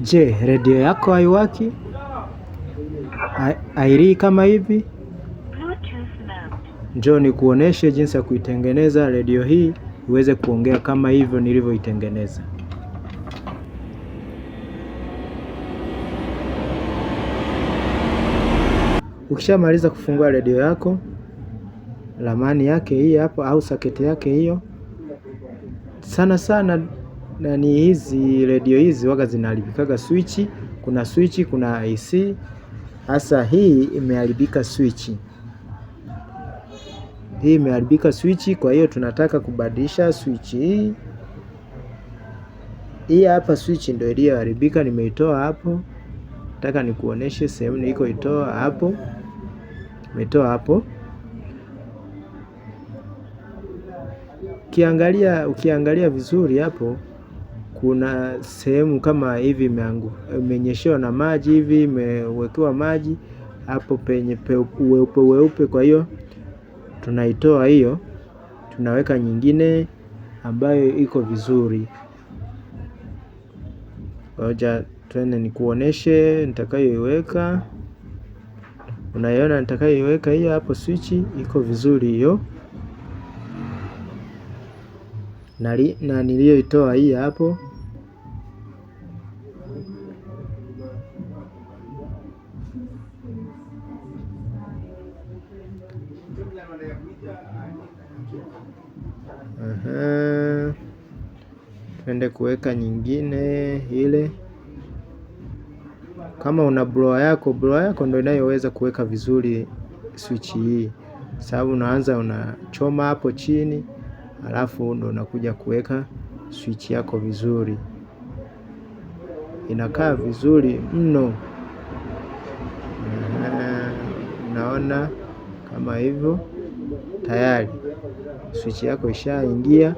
Je, redio yako haiwaki? Hailii kama hivi? Njoo nikuoneshe jinsi ya kuitengeneza redio hii iweze kuongea kama hivyo nilivyoitengeneza. Ukishamaliza kufungua redio yako, ramani yake hii hapo, au saketi yake hiyo. Sana sana nani hizi redio hizi waga zinaharibikaga switch, kuna switch, kuna IC. Hasa hii imeharibika switch, hii imeharibika switch. Kwa hiyo tunataka kubadilisha swichi hii. Hii hapa switch ndio iliyoharibika, nimeitoa hapo. Nataka nikuoneshe sehemu itoa hapo, nimetoa hapo. Ukiangalia ukiangalia vizuri hapo kuna sehemu kama hivi imenyeshewa na maji hivi imewekewa maji hapo penye weupe weupe, kwa hiyo tunaitoa hiyo, tunaweka nyingine ambayo iko vizuri. Ngoja tuende nikuoneshe nitakayoiweka. Unaiona nitakayoiweka hiyo hapo, swichi iko vizuri hiyo na niliyoitoa hii hapo. Aha. Tuende kuweka nyingine ile. Kama una blower yako, blower yako ndio inayoweza kuweka vizuri switch hii, sababu unaanza unachoma hapo chini alafu ndo unakuja kuweka switch yako vizuri, inakaa vizuri mno. Unaona kama hivyo, tayari switch yako ishaingia.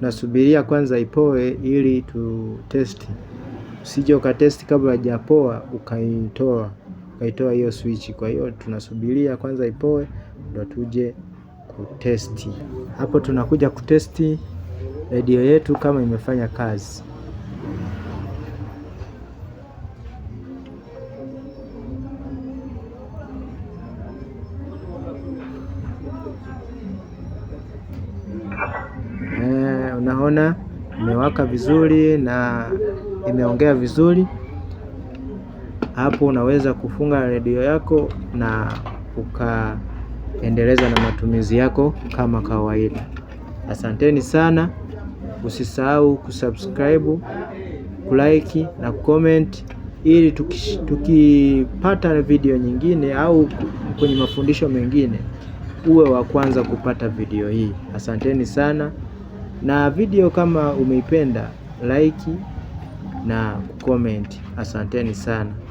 nasubiria kwanza ipoe ili tu test. Usije ukatesti kabla hajapoa ukaitoa ukaitoa hiyo switch. Kwa hiyo tunasubiria kwanza ipoe ndo tuje kutesti. Hapo tunakuja kutesti redio yetu kama imefanya kazi. naona imewaka vizuri na imeongea vizuri. Hapo unaweza kufunga redio yako na ukaendeleza na matumizi yako kama kawaida. Asanteni sana, usisahau kusubscribe, kulike na comment ili tukipata video nyingine au kwenye mafundisho mengine uwe wa kwanza kupata video hii. Asanteni sana na video kama umeipenda like na comment. Asanteni sana.